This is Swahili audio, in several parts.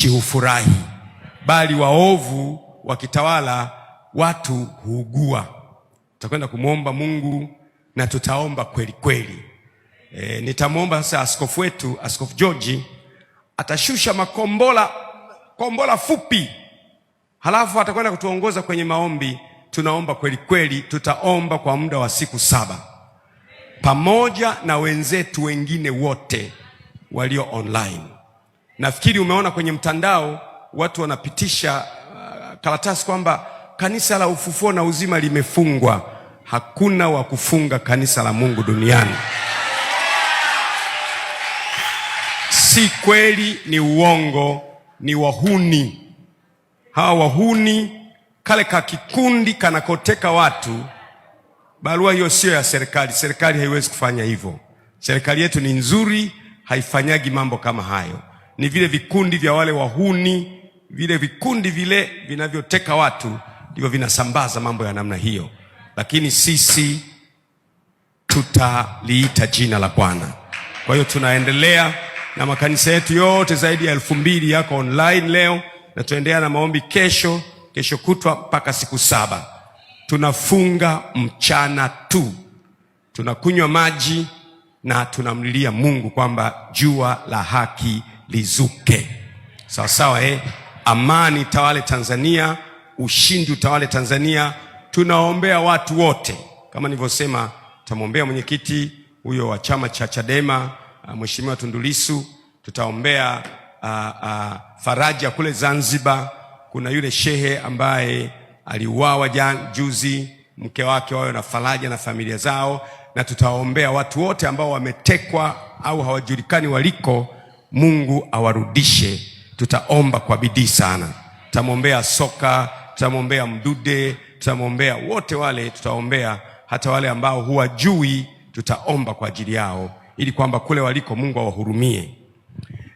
kiufurahi, bali waovu wakitawala watu huugua. Tutakwenda kumwomba Mungu na tutaomba kweli kweli. E, nitamwomba sasa askofu wetu, Askofu George atashusha makombola kombola fupi, halafu atakwenda kutuongoza kwenye maombi. Tunaomba kweli kweli, tutaomba kwa muda wa siku saba pamoja na wenzetu wengine wote walio online. Nafikiri umeona kwenye mtandao watu wanapitisha uh, karatasi kwamba kanisa la ufufuo na uzima limefungwa. Hakuna wa kufunga kanisa la Mungu duniani. Si kweli, ni uongo, ni wahuni. Hawa wahuni, kale ka kikundi kanakoteka watu. Barua hiyo siyo ya serikali. Serikali haiwezi kufanya hivyo. Serikali yetu ni nzuri, haifanyagi mambo kama hayo ni vile vikundi vya wale wahuni, vile vikundi vile vinavyoteka watu, ndivyo vinasambaza mambo ya namna hiyo, lakini sisi tutaliita jina la Bwana. Kwa hiyo tunaendelea na makanisa yetu yote zaidi ya elfu mbili yako online leo, na tunaendelea na maombi kesho, kesho kutwa mpaka siku saba. Tunafunga mchana tu, tunakunywa maji na tunamlilia Mungu kwamba jua la haki lizuke sawasawa, eh? Amani tawale Tanzania, ushindi utawale Tanzania. Tunawaombea watu wote, kama nilivyosema, tutamwombea mwenyekiti huyo wa chama cha Chadema uh, Mheshimiwa tundulisu tutaombea a, uh, a, uh, faraja kule Zanzibar. Kuna yule shehe ambaye aliuawa juzi, mke wake wawe na faraja na familia zao, na tutawaombea watu wote ambao wametekwa au hawajulikani waliko Mungu awarudishe. Tutaomba kwa bidii sana, tutamwombea Soka, tutamwombea Mdude, tutamwombea wote wale, tutaombea hata wale ambao huwajui, tutaomba kwa ajili yao ili kwamba kule waliko Mungu awahurumie.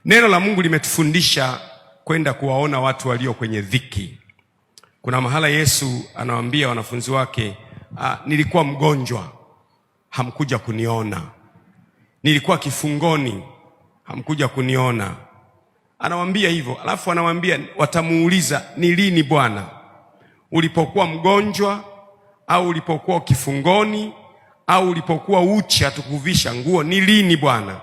Neno la Mungu limetufundisha kwenda kuwaona watu walio kwenye dhiki. Kuna mahala Yesu anawaambia wanafunzi wake, a, ah, nilikuwa mgonjwa hamkuja kuniona, nilikuwa kifungoni hamkuja kuniona. Anawambia hivyo, alafu anawambia watamuuliza ni lini Bwana, ulipokuwa mgonjwa au ulipokuwa kifungoni au ulipokuwa uchi hatukuvisha nguo? Ni lini Bwana?